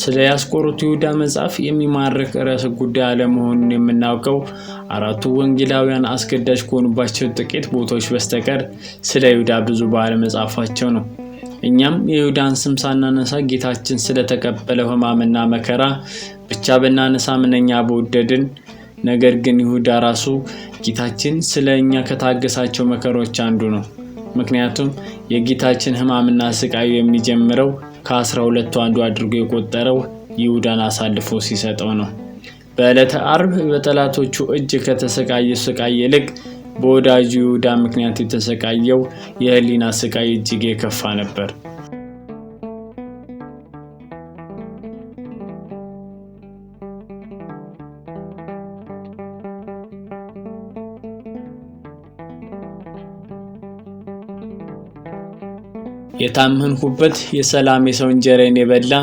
ስለ ያስቆሮቱ ይሁዳ መጽሐፍ የሚማርክ ርዕሰ ጉዳይ አለመሆኑን የምናውቀው አራቱ ወንጌላውያን አስገዳጅ ከሆኑባቸው ጥቂት ቦታዎች በስተቀር ስለ ይሁዳ ብዙ ባለመጻፋቸው ነው። እኛም የይሁዳን ስም ሳናነሳ ጌታችን ስለተቀበለው ሕማምና መከራ ብቻ ብናነሳ ምንኛ በወደድን። ነገር ግን ይሁዳ ራሱ ጌታችን ስለ እኛ ከታገሳቸው መከሮች አንዱ ነው። ምክንያቱም የጌታችን ሕማምና ስቃዩ የሚጀምረው ከአስራ ሁለቱ አንዱ አድርጎ የቆጠረው ይሁዳን አሳልፎ ሲሰጠው ነው። በዕለተ አርብ በጠላቶቹ እጅ ከተሰቃየ ስቃይ ይልቅ በወዳጁ ይሁዳ ምክንያት የተሰቃየው የህሊና ስቃይ እጅግ የከፋ ነበር። የታመንሁበት የሰላም የሰው እንጀራዬን የበላ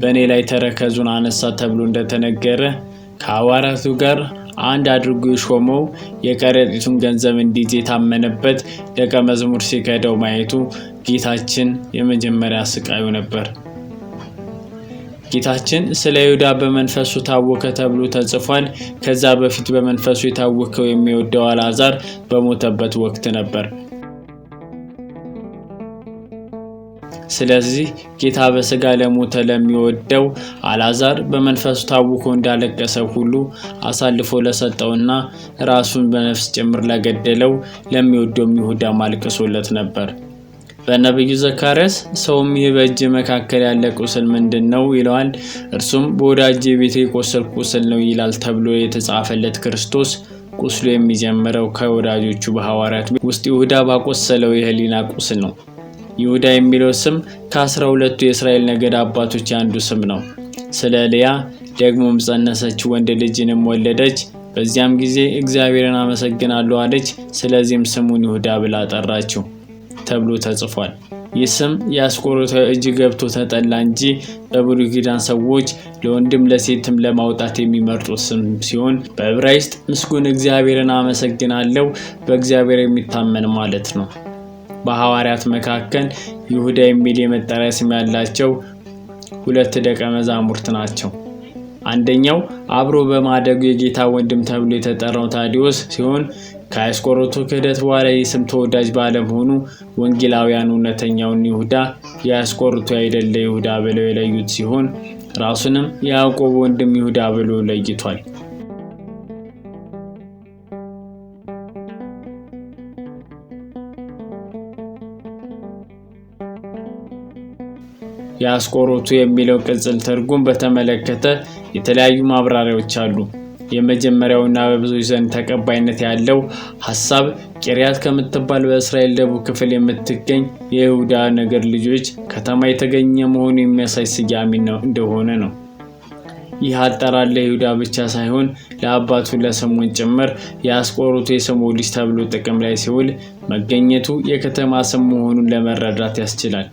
በእኔ ላይ ተረከዙን አነሳ ተብሎ እንደተነገረ ከሐዋርያቱ ጋር አንድ አድርጎ የሾመው የከረጢቱን ገንዘብ እንዲይዝ የታመነበት ደቀ መዝሙር ሲከደው ማየቱ ጌታችን የመጀመሪያ ስቃዩ ነበር። ጌታችን ስለ ይሁዳ በመንፈሱ ታወከ ተብሎ ተጽፏል። ከዛ በፊት በመንፈሱ የታወከው የሚወደው አልዓዛር በሞተበት ወቅት ነበር። ስለዚህ ጌታ በስጋ ለሞተ ለሚወደው አላዛር በመንፈሱ ታውኮ እንዳለቀሰ ሁሉ አሳልፎ ለሰጠውና ራሱን በነፍስ ጭምር ለገደለው ለሚወደው ይሁዳ ማልቅሶለት ነበር። በነቢዩ ዘካርያስ ሰውም ይህ በእጅ መካከል ያለ ቁስል ምንድን ነው ይለዋል። እርሱም በወዳጅ ቤት የቆሰል ቁስል ነው ይላል ተብሎ የተጻፈለት ክርስቶስ ቁስሉ የሚጀምረው ከወዳጆቹ በሐዋርያት ውስጥ ይሁዳ ባቆሰለው የህሊና ቁስል ነው። ይሁዳ የሚለው ስም ከአስራ ሁለቱ የእስራኤል ነገድ አባቶች አንዱ ስም ነው። ስለ ልያ ደግሞም ጸነሰች፣ ወንድ ልጅንም ወለደች። በዚያም ጊዜ እግዚአብሔርን አመሰግናለሁ አለች። ስለዚህም ስሙን ይሁዳ ብላ ጠራችው ተብሎ ተጽፏል። ይህ ስም የአስቆሮተ እጅ ገብቶ ተጠላ እንጂ በብሉይ ኪዳን ሰዎች ለወንድም ለሴትም ለማውጣት የሚመርጡት ስም ሲሆን በዕብራይስጥ ምስጉን እግዚአብሔርን አመሰግናለሁ፣ በእግዚአብሔር የሚታመን ማለት ነው። በሐዋርያት መካከል ይሁዳ የሚል የመጠሪያ ስም ያላቸው ሁለት ደቀ መዛሙርት ናቸው። አንደኛው አብሮ በማደጉ የጌታ ወንድም ተብሎ የተጠራው ታዲዎስ ሲሆን ከአስቆሮቱ ክህደት በኋላ የስም ተወዳጅ ባለመሆኑ ወንጌላውያን እውነተኛውን ይሁዳ የአስቆሮቱ አይደለ ይሁዳ ብለው የለዩት ሲሆን ራሱንም የያዕቆብ ወንድም ይሁዳ ብሎ ለይቷል። የአስቆሮቱ የሚለው ቅጽል ትርጉም በተመለከተ የተለያዩ ማብራሪያዎች አሉ። የመጀመሪያውና በብዙዎች ዘንድ ተቀባይነት ያለው ሀሳብ ቂርያት ከምትባል በእስራኤል ደቡብ ክፍል የምትገኝ የይሁዳ ነገር ልጆች ከተማ የተገኘ መሆኑ የሚያሳይ ስያሜ እንደሆነ ነው። ይህ አጠራር ለይሁዳ ብቻ ሳይሆን ለአባቱ ለስምዖን ጭምር የአስቆሮቱ የስምዖን ልጅ ተብሎ ጥቅም ላይ ሲውል መገኘቱ የከተማ ስም መሆኑን ለመረዳት ያስችላል።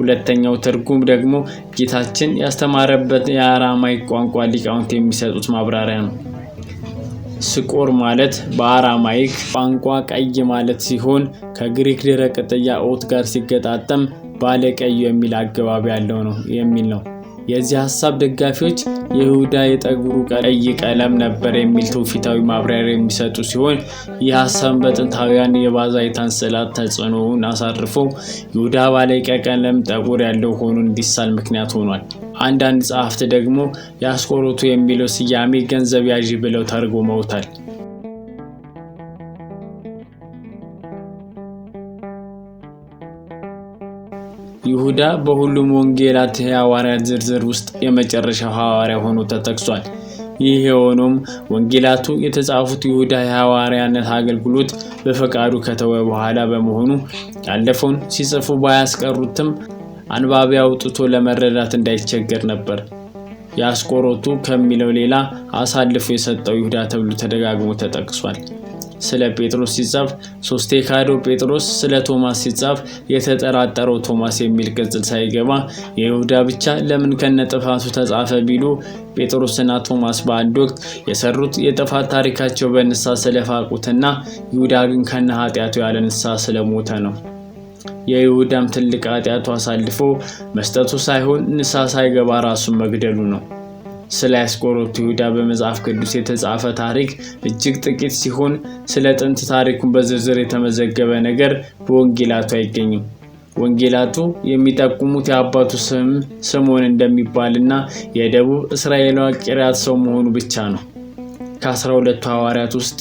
ሁለተኛው ትርጉም ደግሞ ጌታችን ያስተማረበት የአራማይክ ቋንቋ ሊቃውንት የሚሰጡት ማብራሪያ ነው። ስቆር ማለት በአራማይክ ቋንቋ ቀይ ማለት ሲሆን ከግሪክ ደረቅ ኦት ጋር ሲገጣጠም ባለቀዩ የሚል አገባቢ ያለው ነው የሚል ነው። የዚህ ሀሳብ ደጋፊዎች የይሁዳ የጠጉሩ ቀይ ቀለም ነበር የሚል ትውፊታዊ ማብራሪያ የሚሰጡ ሲሆን ይህ ሀሳብ በጥንታውያን የባዛይታን ስዕላት ተጽዕኖውን አሳርፎ ይሁዳ ባለቀ ቀለም ጠቁር ያለው ሆኖ እንዲሳል ምክንያት ሆኗል። አንዳንድ ጸሐፍት ደግሞ የአስቆሮቱ የሚለው ስያሜ ገንዘብ ያዥ ብለው ተርጉመውታል። ይሁዳ በሁሉም ወንጌላት የሐዋርያት ዝርዝር ውስጥ የመጨረሻው ሐዋርያ ሆኖ ተጠቅሷል። ይህ የሆነውም ወንጌላቱ የተጻፉት ይሁዳ የሐዋርያነት አገልግሎት በፈቃዱ ከተወ በኋላ በመሆኑ ያለፈውን ሲጽፉ ባያስቀሩትም አንባቢ አውጥቶ ለመረዳት እንዳይቸገር ነበር። የአስቆሮቱ ከሚለው ሌላ አሳልፎ የሰጠው ይሁዳ ተብሎ ተደጋግሞ ተጠቅሷል። ስለ ጴጥሮስ ሲጻፍ ሶስቴ ካዶ ጴጥሮስ ስለ ቶማስ ሲጻፍ የተጠራጠረው ቶማስ የሚል ቅጽል ሳይገባ የይሁዳ ብቻ ለምን ከነ ጥፋቱ ተጻፈ ቢሉ ጴጥሮስና ቶማስ በአንድ ወቅት የሰሩት የጥፋት ታሪካቸው በንሳ ስለፋቁትና ይሁዳ ግን ከነ ኃጢአቱ ያለ ንስሐ ስለሞተ ነው። የይሁዳም ትልቅ ኃጢአቱ አሳልፎ መስጠቱ ሳይሆን ንሳ ሳይገባ ራሱን መግደሉ ነው። ስለ ያስቆሮቱ ይሁዳ በመጽሐፍ ቅዱስ የተጻፈ ታሪክ እጅግ ጥቂት ሲሆን ስለ ጥንት ታሪኩን በዝርዝር የተመዘገበ ነገር በወንጌላቱ አይገኝም። ወንጌላቱ የሚጠቁሙት የአባቱ ስም ስምዖን እንደሚባልና የደቡብ እስራኤላዊ ቂርያት ሰው መሆኑ ብቻ ነው። ከአስራ ሁለቱ ሐዋርያት ውስጥ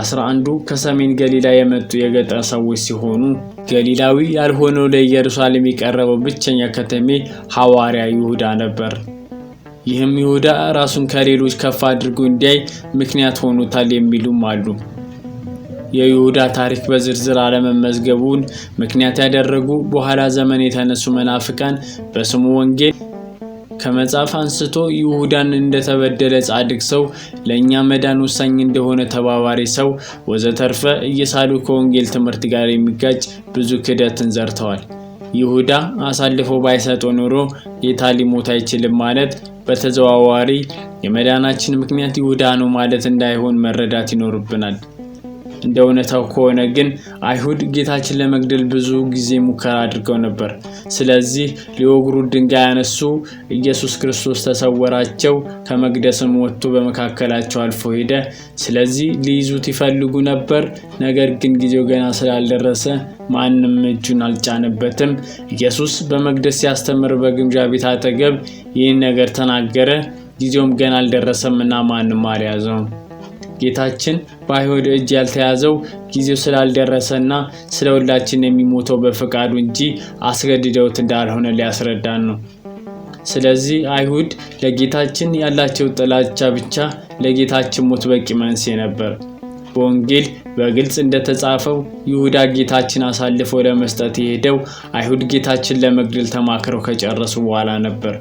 አስራ አንዱ ከሰሜን ገሊላ የመጡ የገጠር ሰዎች ሲሆኑ ገሊላዊ ያልሆነው ለኢየሩሳሌም የቀረበው ብቸኛ ከተሜ ሐዋርያ ይሁዳ ነበር። ይህም ይሁዳ ራሱን ከሌሎች ከፍ አድርጎ እንዲያይ ምክንያት ሆኖታል የሚሉም አሉ። የይሁዳ ታሪክ በዝርዝር አለመመዝገቡን ምክንያት ያደረጉ በኋላ ዘመን የተነሱ መናፍቃን በስሙ ወንጌል ከመጽሐፍ አንስቶ ይሁዳን እንደተበደለ ጻድቅ ሰው፣ ለእኛ መዳን ወሳኝ እንደሆነ ተባባሪ ሰው ወዘተርፈ እየሳሉ ከወንጌል ትምህርት ጋር የሚጋጭ ብዙ ክህደትን ዘርተዋል። ይሁዳ አሳልፎ ባይሰጠው ኑሮ ጌታ ሊሞት አይችልም ማለት በተዘዋዋሪ የመዳናችን ምክንያት ይሁዳ ነው ማለት እንዳይሆን መረዳት ይኖርብናል። እንደ እውነታው ከሆነ ግን አይሁድ ጌታችን ለመግደል ብዙ ጊዜ ሙከራ አድርገው ነበር። ስለዚህ ሊወግሩት ድንጋይ ያነሱ፣ ኢየሱስ ክርስቶስ ተሰወራቸው፣ ከመቅደስም ወጥቶ በመካከላቸው አልፎ ሄደ። ስለዚህ ሊይዙት ይፈልጉ ነበር። ነገር ግን ጊዜው ገና ስላልደረሰ ማንም እጁን አልጫነበትም። ኢየሱስ በመቅደስ ሲያስተምር በግምጃ ቤት አጠገብ ይህን ነገር ተናገረ። ጊዜውም ገና አልደረሰም እና ማንም አልያዘውም። ጌታችን በአይሁድ እጅ ያልተያዘው ጊዜው ስላልደረሰና ስለ ሁላችን የሚሞተው በፈቃዱ እንጂ አስገድደውት እንዳልሆነ ሊያስረዳን ነው። ስለዚህ አይሁድ ለጌታችን ያላቸው ጥላቻ ብቻ ለጌታችን ሞት በቂ መንስኤ ነበር። በወንጌል በግልጽ እንደተጻፈው ይሁዳ ጌታችን አሳልፈው ለመስጠት የሄደው አይሁድ ጌታችን ለመግደል ተማክረው ከጨረሱ በኋላ ነበር።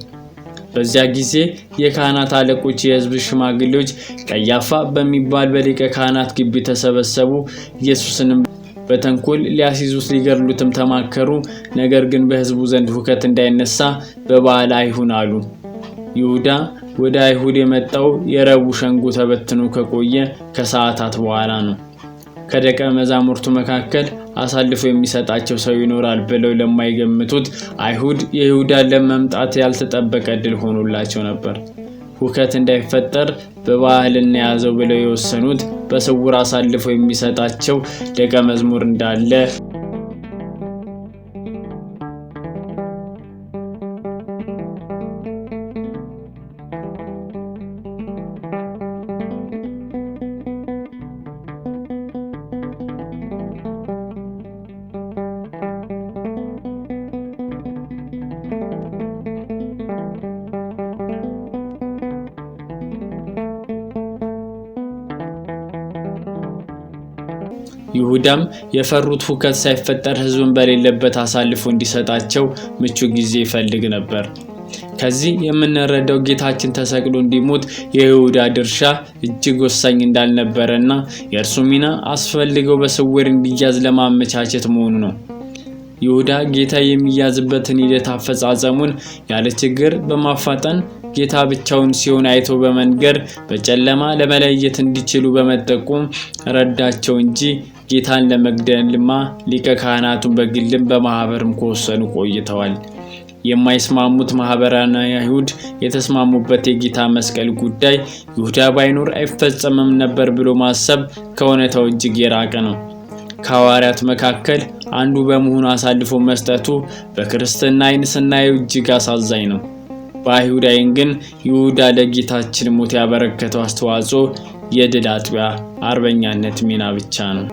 በዚያ ጊዜ የካህናት አለቆች፣ የህዝብ ሽማግሌዎች ቀያፋ በሚባል በሊቀ ካህናት ግቢ ተሰበሰቡ። ኢየሱስንም በተንኮል ሊያስይዙት ሊገድሉትም ተማከሩ። ነገር ግን በህዝቡ ዘንድ ሁከት እንዳይነሳ በበዓል አይሁን አሉ። ይሁዳ ወደ አይሁድ የመጣው የረቡዕ ሸንጎ ተበትኖ ከቆየ ከሰዓታት በኋላ ነው። ከደቀ መዛሙርቱ መካከል አሳልፎ የሚሰጣቸው ሰው ይኖራል ብለው ለማይገምቱት አይሁድ የይሁዳን ለመምጣት ያልተጠበቀ ድል ሆኖላቸው ነበር። ሁከት እንዳይፈጠር በባህል እናያዘው ብለው የወሰኑት በስውር አሳልፎ የሚሰጣቸው ደቀ መዝሙር እንዳለ ይሁዳም የፈሩት ሁከት ሳይፈጠር ህዝብን በሌለበት አሳልፎ እንዲሰጣቸው ምቹ ጊዜ ይፈልግ ነበር። ከዚህ የምንረዳው ጌታችን ተሰቅሎ እንዲሞት የይሁዳ ድርሻ እጅግ ወሳኝ እንዳልነበረና የእርሱ ሚና አስፈልገው በስውር እንዲያዝ ለማመቻቸት መሆኑ ነው። ይሁዳ ጌታ የሚያዝበትን ሂደት አፈጻጸሙን ያለ ችግር በማፋጠን ጌታ ብቻውን ሲሆን አይቶ በመንገር በጨለማ ለመለየት እንዲችሉ በመጠቆም ረዳቸው እንጂ ጌታን ለመግደልማ ሊቀ ካህናቱን በግልም በማህበርም ከወሰኑ ቆይተዋል። የማይስማሙት ማኅበራና አይሁድ የተስማሙበት የጌታ መስቀል ጉዳይ ይሁዳ ባይኖር አይፈጸምም ነበር ብሎ ማሰብ ከእውነታው እጅግ የራቀ ነው። ከሐዋርያት መካከል አንዱ በመሆኑ አሳልፎ መስጠቱ በክርስትና አይን ስናየው እጅግ አሳዛኝ ነው። በአይሁድ አይን ግን ይሁዳ ለጌታችን ሞት ያበረከተው አስተዋጽኦ የድል አጥቢያ አርበኛነት ሚና ብቻ ነው።